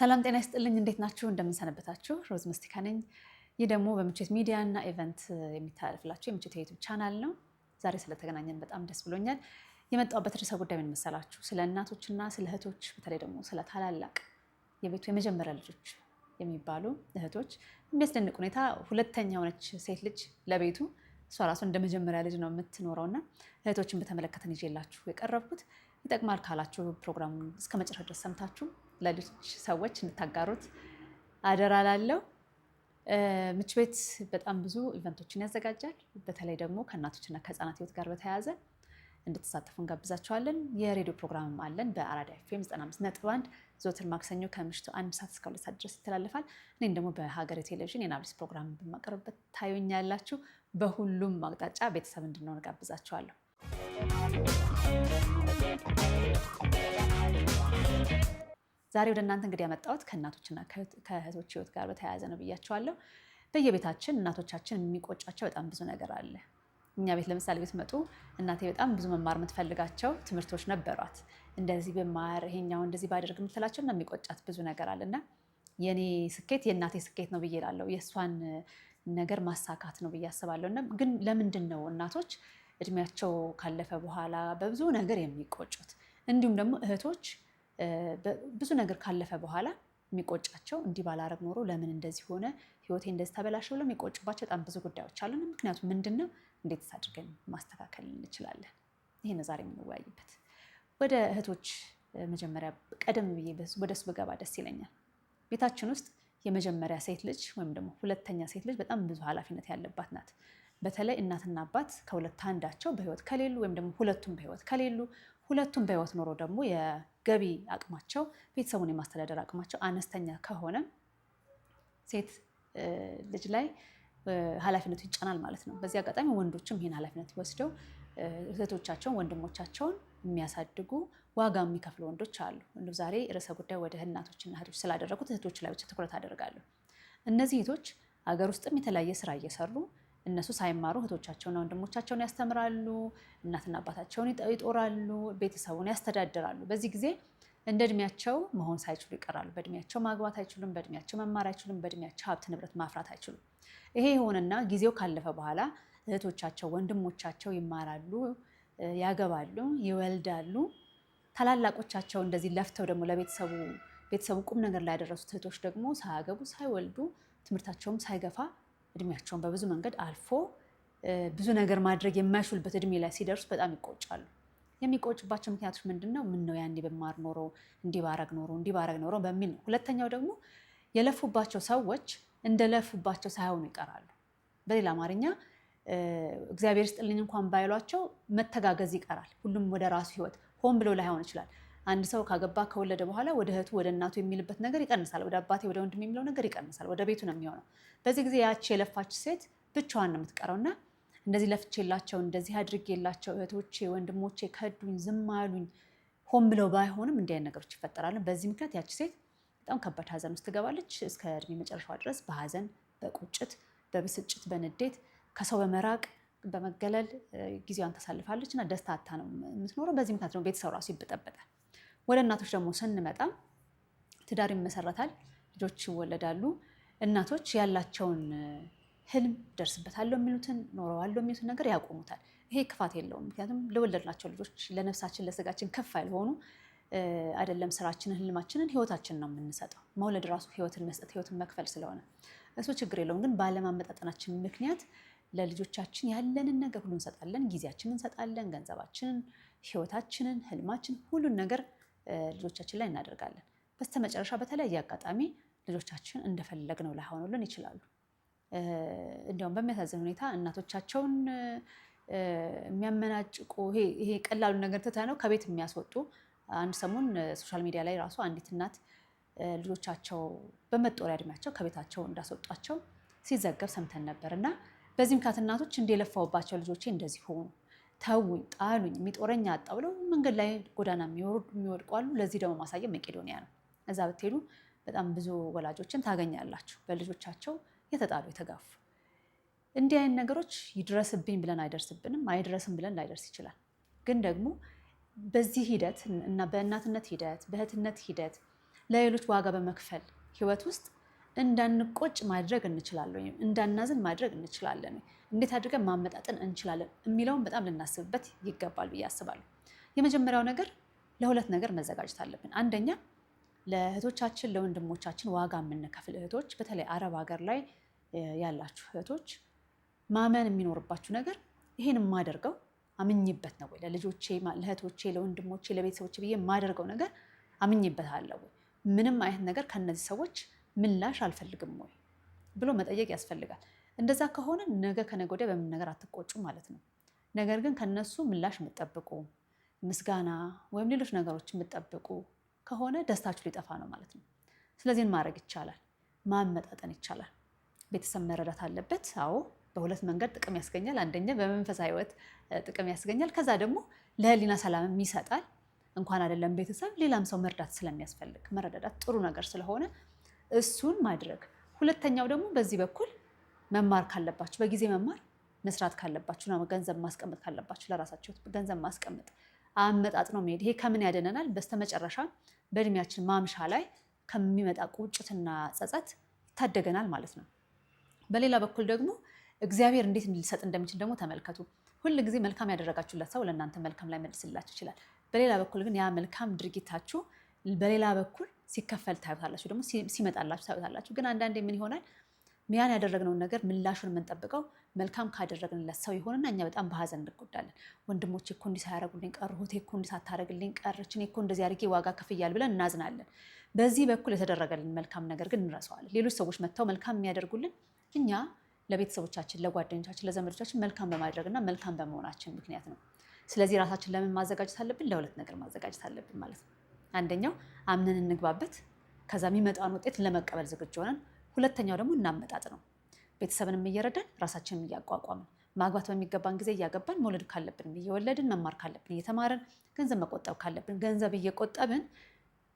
ሰላም ጤና ይስጥልኝ። እንዴት ናችሁ? እንደምንሰነበታችሁ። ሮዝ መስቲካ ነኝ። ይህ ደግሞ በምቼት ሚዲያ እና ኢቨንት የሚተላለፍላችሁ የምቸት የዩቱብ ቻናል ነው። ዛሬ ስለተገናኘን በጣም ደስ ብሎኛል። የመጣሁበት ርዕሰ ጉዳይ ምን መሰላችሁ? ስለ እናቶችና ስለ እህቶች፣ በተለይ ደግሞ ስለ ታላላቅ የቤቱ የመጀመሪያ ልጆች የሚባሉ እህቶች የሚያስደንቅ ሁኔታ ሁለተኛ የሆነች ሴት ልጅ ለቤቱ እሷ ራሱ እንደ መጀመሪያ ልጅ ነው የምትኖረው እና እህቶችን በተመለከተን ይዤላችሁ የቀረብኩት ይጠቅማል ካላችሁ ፕሮግራሙ እስከ መጨረሻ ድረስ ሰምታችሁ ለሌሎች ሰዎች እንድታጋሩት አደራ ላለው። ምች ቤት በጣም ብዙ ኢቨንቶችን ያዘጋጃል። በተለይ ደግሞ ከእናቶችና ከህፃናት ህይወት ጋር በተያያዘ እንድትሳተፉ እንጋብዛቸዋለን። የሬዲዮ ፕሮግራምም አለን በአራዳ ኤፍኤም 95 ነጥብ 1 ዘወትር ማክሰኞ ከምሽቱ አንድ ሰዓት እስከ ሁለት ሰዓት ድረስ ይተላለፋል። እኔም ደግሞ በሀገሬ ቴሌቪዥን የናብሊስ ፕሮግራም በማቀርብበት ታዩኛላችሁ። በሁሉም አቅጣጫ ቤተሰብ እንድንሆን ጋብዛችኋለሁ። ዛሬ ወደ እናንተ እንግዲህ ያመጣሁት ከእናቶችና ከእህቶች ህይወት ጋር በተያያዘ ነው ብያቸዋለሁ። በየቤታችን እናቶቻችን የሚቆጫቸው በጣም ብዙ ነገር አለ። እኛ ቤት ለምሳሌ መጡ እናቴ በጣም ብዙ መማር የምትፈልጋቸው ትምህርቶች ነበሯት። እንደዚህ ብማር ይሄኛው እንደዚህ ባደርግ የምትላቸው እና የሚቆጫት ብዙ ነገር አለና የኔ ስኬት የእናቴ ስኬት ነው ብዬ ላለው የእሷን ነገር ማሳካት ነው ብዬ አስባለሁ። እና ግን ለምንድን ነው እናቶች እድሜያቸው ካለፈ በኋላ በብዙ ነገር የሚቆጩት? እንዲሁም ደግሞ እህቶች ብዙ ነገር ካለፈ በኋላ የሚቆጫቸው እንዲህ ባላረግ ኖሮ ለምን እንደዚህ ሆነ፣ ህይወቴ እንደዚህ ተበላሸ ብለው የሚቆጭባቸው በጣም ብዙ ጉዳዮች አሉን። ምክንያቱም ምንድን ነው እንዴት አድርገን ማስተካከል እንችላለን? ይህ ዛሬ የምንወያይበት። ወደ እህቶች መጀመሪያ ቀደም ብዬ ወደ እሱ በገባ ደስ ይለኛል። ቤታችን ውስጥ የመጀመሪያ ሴት ልጅ ወይም ደግሞ ሁለተኛ ሴት ልጅ በጣም ብዙ ኃላፊነት ያለባት ናት። በተለይ እናትና አባት ከሁለት አንዳቸው በህይወት ከሌሉ ወይም ደግሞ ሁለቱም በህይወት ከሌሉ ሁለቱም በህይወት ኖሮ ደግሞ ገቢ አቅማቸው፣ ቤተሰቡን የማስተዳደር አቅማቸው አነስተኛ ከሆነ ሴት ልጅ ላይ ኃላፊነቱ ይጫናል ማለት ነው። በዚህ አጋጣሚ ወንዶችም ይህን ኃላፊነት ወስደው እህቶቻቸውን ወንድሞቻቸውን የሚያሳድጉ ዋጋ የሚከፍሉ ወንዶች አሉ። እንዲሁ ዛሬ ርዕሰ ጉዳይ ወደ እናቶችና እህቶች ስላደረጉት እህቶች ላይ ብቻ ትኩረት አደርጋለሁ። እነዚህ እህቶች ሀገር ውስጥም የተለያየ ስራ እየሰሩ እነሱ ሳይማሩ እህቶቻቸውና ወንድሞቻቸውን ያስተምራሉ፣ እናትና አባታቸውን ይጦራሉ፣ ቤተሰቡን ያስተዳድራሉ። በዚህ ጊዜ እንደ እድሜያቸው መሆን ሳይችሉ ይቀራሉ። በእድሜያቸው ማግባት አይችሉም፣ በእድሜያቸው መማር አይችሉም፣ በእድሜያቸው ሀብት ንብረት ማፍራት አይችሉም። ይሄ የሆነና ጊዜው ካለፈ በኋላ እህቶቻቸው ወንድሞቻቸው ይማራሉ፣ ያገባሉ፣ ይወልዳሉ። ታላላቆቻቸው እንደዚህ ለፍተው ደግሞ ለቤተሰቡ ቤተሰቡ ቁም ነገር ላይ ያደረሱት እህቶች ደግሞ ሳያገቡ ሳይወልዱ ትምህርታቸውም ሳይገፋ እድሜያቸውን በብዙ መንገድ አልፎ ብዙ ነገር ማድረግ የማይችሉበት እድሜ ላይ ሲደርሱ በጣም ይቆጫሉ። የሚቆጭባቸው ምክንያቶች ምንድን ነው? ምን ነው ያኔ ብማር ኖሮ እንዲባረግ ኖሮ እንዲባረግ ኖሮ በሚል ነው። ሁለተኛው ደግሞ የለፉባቸው ሰዎች እንደለፉባቸው ሳይሆኑ ይቀራሉ። በሌላ አማርኛ እግዚአብሔር ስጥልኝ እንኳን ባይሏቸው መተጋገዝ ይቀራል። ሁሉም ወደ ራሱ ህይወት ሆን ብሎ ላይሆን ይችላል አንድ ሰው ካገባ ከወለደ በኋላ ወደ እህቱ ወደ እናቱ የሚልበት ነገር ይቀንሳል። ወደ አባቴ ወደ ወንድም የሚለው ነገር ይቀንሳል። ወደ ቤቱ ነው የሚሆነው። በዚህ ጊዜ ያቺ የለፋች ሴት ብቻዋን ነው የምትቀረውና እንደዚህ ለፍቼላቸው እንደዚህ አድርጌላቸው እህቶቼ ወንድሞቼ ከዱኝ፣ ዝም አሉኝ፣ ሆን ብለው ባይሆንም እንዲህ ነገሮች ይፈጠራሉ። በዚህ ምክንያት ያቺ ሴት በጣም ከባድ ሀዘን ውስጥ ትገባለች። እስከ እድሜ መጨረሻዋ ድረስ በሀዘን በቁጭት በብስጭት በንዴት ከሰው በመራቅ በመገለል ጊዜዋን ታሳልፋለች እና ደስታ አታ ነው የምትኖረው። በዚህ ምክንያት ነው ቤተሰብ ራሱ ይበጠበጣል። ወደ እናቶች ደግሞ ስንመጣ ትዳር ይመሰረታል፣ ልጆች ይወለዳሉ። እናቶች ያላቸውን ህልም ደርስበታለሁ የሚሉትን ኖረዋለሁ የሚሉትን ነገር ያቆሙታል። ይሄ ክፋት የለውም። ምክንያቱም ለወለድናቸው ልጆች ለነፍሳችን ለስጋችን ከፍ ያልሆኑ አይደለም ስራችንን፣ ህልማችንን፣ ህይወታችን ነው የምንሰጠው። መውለድ ራሱ ህይወትን መስጠት ህይወትን መክፈል ስለሆነ እሱ ችግር የለውም። ግን ባለማመጣጠናችን ምክንያት ለልጆቻችን ያለንን ነገር ሁሉ እንሰጣለን። ጊዜያችንን እንሰጣለን፣ ገንዘባችንን፣ ህይወታችንን፣ ህልማችን ሁሉን ነገር ልጆቻችን ላይ እናደርጋለን። በስተመጨረሻ በተለያየ አጋጣሚ ልጆቻችን እንደፈለግ ነው ላይሆኑልን ይችላሉ። እንዲያውም በሚያሳዝን ሁኔታ እናቶቻቸውን የሚያመናጭቁ ይሄ ቀላሉ ነገር ትተ ነው ከቤት የሚያስወጡ አንድ ሰሞን ሶሻል ሚዲያ ላይ ራሱ አንዲት እናት ልጆቻቸው በመጦሪያ እድሜያቸው ከቤታቸው እንዳስወጧቸው ሲዘገብ ሰምተን ነበር እና በዚህ ምክንያት እናቶች እንደለፋውባቸው ልጆቼ እንደዚህ ሆኑ ተውኝ፣ ጣሉኝ፣ ሚጦረኛ አጣ ብለው መንገድ ላይ ጎዳና የሚወርዱ የሚወድቁ አሉ። ለዚህ ደግሞ ማሳያ መቄዶንያ ነው። እዛ ብትሄዱ በጣም ብዙ ወላጆችን ታገኛላችሁ፣ በልጆቻቸው የተጣሉ የተጋፉ። እንዲህ አይነት ነገሮች ይድረስብኝ ብለን አይደርስብንም፣ አይድረስም ብለን ላይደርስ ይችላል። ግን ደግሞ በዚህ ሂደት እና በእናትነት ሂደት በእህትነት ሂደት ለሌሎች ዋጋ በመክፈል ህይወት ውስጥ እንዳንቆጭ ማድረግ እንችላለን፣ እንዳናዝን ማድረግ እንችላለን። እንዴት አድርገን ማመጣጠን እንችላለን የሚለውን በጣም ልናስብበት ይገባል ብዬ አስባለሁ። የመጀመሪያው ነገር ለሁለት ነገር መዘጋጀት አለብን። አንደኛ ለእህቶቻችን ለወንድሞቻችን ዋጋ የምንከፍል እህቶች፣ በተለይ አረብ ሀገር ላይ ያላችሁ እህቶች ማመን የሚኖርባችሁ ነገር ይሄን የማደርገው አምኝበት ነው ወይ? ለልጆቼ፣ ለእህቶቼ፣ ለወንድሞቼ፣ ለቤተሰቦቼ ብዬ የማደርገው ነገር አምኝበት አለ ወይ? ምንም አይነት ነገር ከነዚህ ሰዎች ምላሽ አልፈልግም ወይ ብሎ መጠየቅ ያስፈልጋል። እንደዛ ከሆነ ነገ ከነገ ወዲያ በምን ነገር አትቆጩ ማለት ነው። ነገር ግን ከነሱ ምላሽ የምጠብቁ ምስጋና ወይም ሌሎች ነገሮች የምጠብቁ ከሆነ ደስታችሁ ሊጠፋ ነው ማለት ነው። ስለዚህን ማድረግ ይቻላል፣ ማመጣጠን ይቻላል። ቤተሰብ መረዳት አለበት። አዎ በሁለት መንገድ ጥቅም ያስገኛል። አንደኛ በመንፈሳዊ ሕይወት ጥቅም ያስገኛል። ከዛ ደግሞ ለህሊና ሰላምም ይሰጣል። እንኳን አይደለም ቤተሰብ ሌላም ሰው መርዳት ስለሚያስፈልግ መረዳዳት ጥሩ ነገር ስለሆነ እሱን ማድረግ ሁለተኛው ደግሞ በዚህ በኩል መማር ካለባችሁ በጊዜ መማር መስራት ካለባችሁ ነው። ገንዘብ ማስቀመጥ ካለባችሁ ለራሳችሁ ገንዘብ ማስቀመጥ አመጣጥ ነው የሚሄድ። ይሄ ከምን ያደነናል? በስተመጨረሻ በእድሜያችን ማምሻ ላይ ከሚመጣ ቁጭትና ጸጸት ይታደገናል ማለት ነው። በሌላ በኩል ደግሞ እግዚአብሔር እንዴት ሊሰጥ እንደሚችል ደግሞ ተመልከቱ። ሁል ጊዜ መልካም ያደረጋችሁለት ሰው ለእናንተ መልካም ላይ መልስላችሁ ይችላል። በሌላ በኩል ግን ያ መልካም ድርጊታችሁ በሌላ በኩል ሲከፈል ታዩታላችሁ፣ ደግሞ ሲመጣላችሁ ታዩታላችሁ። ግን አንዳንዴ ምን ይሆናል ያን ያደረግነውን ነገር ምላሹን የምንጠብቀው መልካም ካደረግንለት ሰው ይሆንና እኛ በጣም በሀዘን እንጎዳለን። ወንድሞቼ እኮ እንዲህ ሳያደርጉልኝ ቀር፣ እህቴ እኮ እንዲህ ሳታደርግልኝ ቀረች፣ እኔ እኮ እንደዚህ አድርጌ ዋጋ ከፍያል ብለን እናዝናለን። በዚህ በኩል የተደረገልን መልካም ነገር ግን እንረሰዋለን። ሌሎች ሰዎች መጥተው መልካም የሚያደርጉልን እኛ ለቤተሰቦቻችን፣ ለጓደኞቻችን፣ ለዘመዶቻችን መልካም በማድረግና መልካም በመሆናችን ምክንያት ነው። ስለዚህ ራሳችን ለምን ማዘጋጀት አለብን? ለሁለት ነገር ማዘጋጀት አለብን ማለት ነው። አንደኛው አምነን እንግባበት፣ ከዛ የሚመጣውን ውጤት ለመቀበል ዝግጁ ሆነን ሁለተኛው ደግሞ እናመጣጥ ነው። ቤተሰብንም እየረዳን ራሳችንን እያቋቋምን ማግባት በሚገባን ጊዜ እያገባን መውለድ ካለብን እየወለድን መማር ካለብን እየተማርን ገንዘብ መቆጠብ ካለብን ገንዘብ እየቆጠብን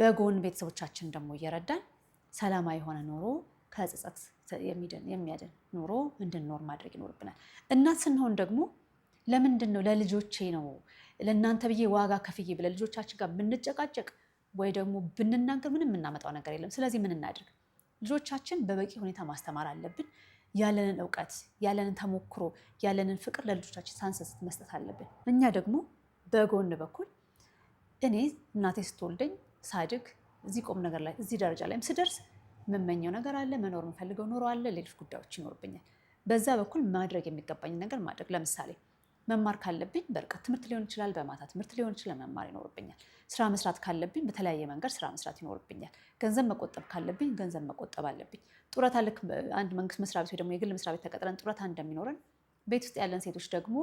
በጎን ቤተሰቦቻችን ደግሞ እየረዳን ሰላማዊ የሆነ ኑሮ ከጸጸት የሚያድን ኑሮ እንድንኖር ማድረግ ይኖርብናል። እናት ስንሆን ደግሞ ለምንድን ነው ለልጆቼ ነው ለእናንተ ብዬ ዋጋ ከፍዬ ልጆቻችን ጋር ብንጨቃጨቅ ወይ ደግሞ ብንናገር ምንም የምናመጣው ነገር የለም። ስለዚህ ምን እናድርግ? ልጆቻችን በበቂ ሁኔታ ማስተማር አለብን። ያለንን እውቀት፣ ያለንን ተሞክሮ፣ ያለንን ፍቅር ለልጆቻችን ሳንሰስት መስጠት አለብን። እኛ ደግሞ በጎን በኩል እኔ እናቴ ስትወልደኝ ሳድግ እዚህ ቆም ነገር ላይ እዚህ ደረጃ ላይም ስደርስ የምመኘው ነገር አለ፣ መኖር የምፈልገው ኑሮ አለ፣ ሌሎች ጉዳዮች ይኖርብኛል። በዛ በኩል ማድረግ የሚገባኝ ነገር ማድረግ ለምሳሌ መማር ካለብኝ በርቀት ትምህርት ሊሆን ይችላል፣ በማታ ትምህርት ሊሆን ይችላል፣ መማር ይኖርብኛል። ስራ መስራት ካለብኝ በተለያየ መንገድ ስራ መስራት ይኖርብኛል። ገንዘብ መቆጠብ ካለብኝ ገንዘብ መቆጠብ አለብኝ። ጡረታ ልክ አንድ መንግስት መስሪያ ቤት ወይ ደግሞ የግል መስሪያ ቤት ተቀጥረን ጡረታ እንደሚኖረን ቤት ውስጥ ያለን ሴቶች ደግሞ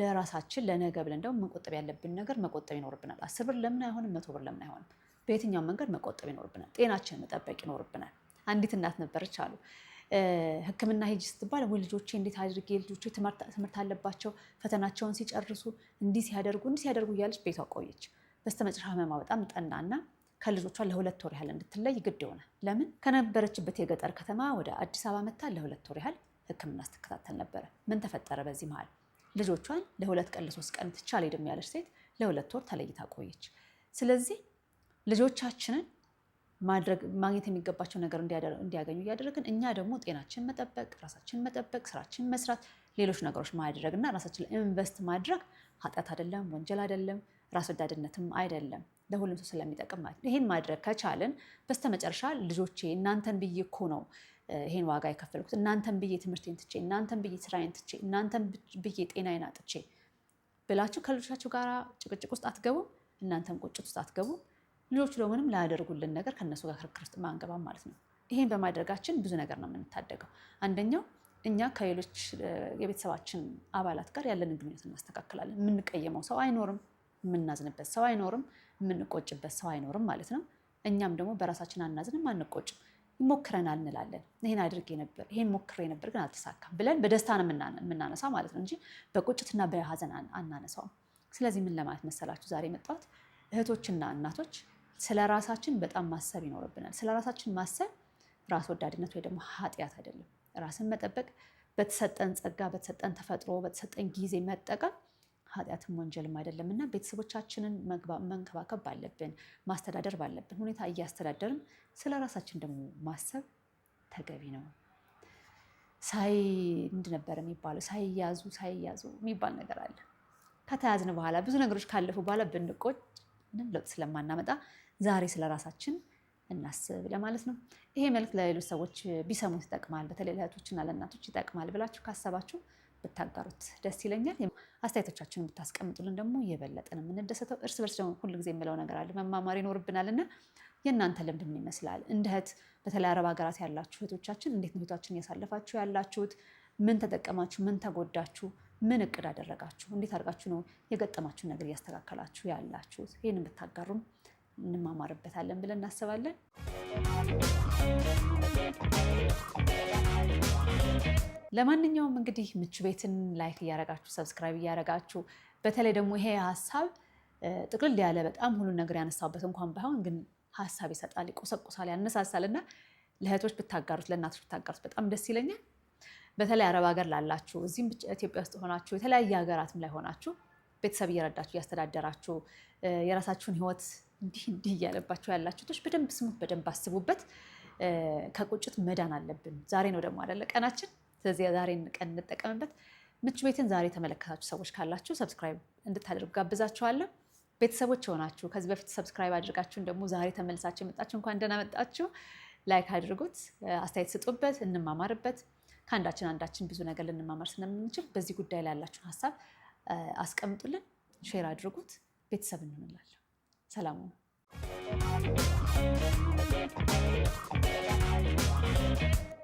ለራሳችን ለነገ ብለን ደግሞ መቆጠብ ያለብን ነገር መቆጠብ ይኖርብናል። አስር ብር ለምን አይሆንም? መቶ ብር ለምን አይሆንም? በየትኛው መንገድ መቆጠብ ይኖርብናል። ጤናችን መጠበቅ ይኖርብናል። አንዲት እናት ነበረች አሉ ሕክምና ሂጂ ስትባል ወይ ልጆቼ እንዴት አድርጌ ልጆቼ ትምህርት አለባቸው ፈተናቸውን ሲጨርሱ እንዲህ ሲያደርጉ እንዲህ ሲያደርጉ እያለች ቤቷ ቆየች። በስተመጨረሻ ህመማ በጣም ጠና ጠናና ከልጆቿ ለሁለት ወር ያህል እንድትለይ ግድ ሆነ። ለምን ከነበረችበት የገጠር ከተማ ወደ አዲስ አበባ መታ ለሁለት ወር ያህል ሕክምና ስትከታተል ነበረ። ምን ተፈጠረ? በዚህ መሀል ልጆቿን ለሁለት ቀን ለሶስት ቀን ትቻ አልሄድም ያለች ሴት ለሁለት ወር ተለይታ ቆየች። ስለዚህ ልጆቻችንን ማድረግ ማግኘት የሚገባቸው ነገር እንዲያገኙ እያደረግን እኛ ደግሞ ጤናችን መጠበቅ፣ ራሳችን መጠበቅ፣ ስራችን መስራት፣ ሌሎች ነገሮች ማድረግ እና ራሳችን ኢንቨስት ማድረግ ኃጢአት አይደለም፣ ወንጀል አይደለም፣ ራስ ወዳድነትም አይደለም። ለሁሉም ሰው ስለሚጠቅም ማለት ነው። ይህን ማድረግ ከቻልን በስተመጨረሻ ልጆቼ እናንተን ብዬ እኮ ነው ይሄን ዋጋ የከፈልኩት፣ እናንተን ብዬ ትምህርቴን ትቼ፣ እናንተን ብዬ ስራዬን ትቼ፣ እናንተን ብዬ ጤናዬን አጥቼ ብላችሁ ከልጆቻችሁ ጋር ጭቅጭቅ ውስጥ አትገቡም። እናንተም ቁጭት ውስጥ አትገቡም። ልጆቹ ደግሞ ምንም ላያደርጉልን ነገር ከነሱ ጋር ክርክር ውስጥ ማንገባም ማለት ነው። ይሄን በማድረጋችን ብዙ ነገር ነው የምንታደገው። አንደኛው እኛ ከሌሎች የቤተሰባችን አባላት ጋር ያለንን ግንኙነት እናስተካክላለን። የምንቀየመው ሰው አይኖርም፣ የምናዝንበት ሰው አይኖርም፣ የምንቆጭበት ሰው አይኖርም ማለት ነው። እኛም ደግሞ በራሳችን አናዝንም፣ አንቆጭም። ይሞክረናል እንላለን። ይሄን አድርጌ ነበር፣ ይሄን ሞክሬ ነበር ግን አልተሳካም ብለን በደስታ ነው የምናነሳው ማለት ነው እንጂ በቁጭትና በሀዘን አናነሳውም። ስለዚህ ምን ለማለት መሰላችሁ ዛሬ መጣሁት እህቶችና እናቶች ስለ ራሳችን በጣም ማሰብ ይኖርብናል። ስለ ራሳችን ማሰብ ራስ ወዳድነት ወይ ደግሞ ኃጢአት አይደለም። ራስን መጠበቅ፣ በተሰጠን ጸጋ፣ በተሰጠን ተፈጥሮ፣ በተሰጠን ጊዜ መጠቀም ኃጢአትም ወንጀልም አይደለም እና ቤተሰቦቻችንን መንከባከብ ባለብን ማስተዳደር ባለብን ሁኔታ እያስተዳደርን ስለ ራሳችን ደግሞ ማሰብ ተገቢ ነው። ሳይ ምንድን ነበር የሚባለው? ሳይያዙ ሳይያዙ የሚባል ነገር አለ። ከተያዝን በኋላ ብዙ ነገሮች ካለፉ በኋላ ብንቆጭ ምንም ለውጥ ስለማናመጣ ዛሬ ስለ ራሳችን እናስብ ለማለት ነው። ይሄ መልክ ለሌሎች ሰዎች ቢሰሙት ይጠቅማል፣ በተለይ ለእህቶችና ለእናቶች ይጠቅማል ብላችሁ ካሰባችሁ ብታጋሩት ደስ ይለኛል። አስተያየቶቻችሁን ብታስቀምጡልን ደግሞ የበለጠን የምንደሰተው። እርስ በርስ ደግሞ ጊዜ የምለው ነገር አለ፣ መማማር ይኖርብናል እና የእናንተ ልምድ ምን ይመስላል? እንደ እህት በተለይ አረብ ሀገራት ያላችሁ እህቶቻችን እንዴት ነው እህቶቻችን እያሳለፋችሁ ያላችሁት? ምን ተጠቀማችሁ? ምን ተጎዳችሁ? ምን እቅድ አደረጋችሁ? እንዴት አድርጋችሁ ነው የገጠማችሁን ነገር እያስተካከላችሁ ያላችሁት? ይህንን ብታጋሩም እንማማርበታለን ብለን እናስባለን። ለማንኛውም እንግዲህ ምቹ ቤትን ላይክ እያረጋችሁ ሰብስክራይብ እያረጋችሁ በተለይ ደግሞ ይሄ ሀሳብ ጥቅልል ያለ በጣም ሁሉን ነገር ያነሳበት እንኳን ባይሆን ግን ሀሳብ ይሰጣል፣ ይቆሰቁሳል፣ ያነሳሳል እና ለእህቶች ብታጋሩት ለእናቶች ብታጋሩት በጣም ደስ ይለኛል። በተለይ አረብ ሀገር ላላችሁ እዚህም ኢትዮጵያ ውስጥ ሆናችሁ የተለያየ ሀገራትም ላይ ሆናችሁ ቤተሰብ እየረዳችሁ እያስተዳደራችሁ የራሳችሁን ህይወት እንዲህ እንዲህ እያለባችሁ ያላችሁቶች በደንብ ስሙት፣ በደንብ አስቡበት። ከቁጭት መዳን አለብን። ዛሬ ነው ደግሞ አይደለ ቀናችን። ስለዚህ ዛሬን ቀን እንጠቀምበት። ምቹ ቤትን ዛሬ የተመለከታችሁ ሰዎች ካላችሁ ሰብስክራይብ እንድታደርጉ ጋብዛችኋለሁ። ቤተሰቦች የሆናችሁ ከዚህ በፊት ሰብስክራይብ አድርጋችሁን ደግሞ ዛሬ ተመልሳችሁ የመጣችሁ እንኳን ደህና መጣችሁ። ላይክ አድርጉት፣ አስተያየት ስጡበት፣ እንማማርበት። ከአንዳችን አንዳችን ብዙ ነገር ልንማማር ስለምንችል በዚህ ጉዳይ ላይ ያላችሁን ሀሳብ አስቀምጡልን፣ ሼር አድርጉት፣ ቤተሰብ እንሆንላለን። ሰላሙ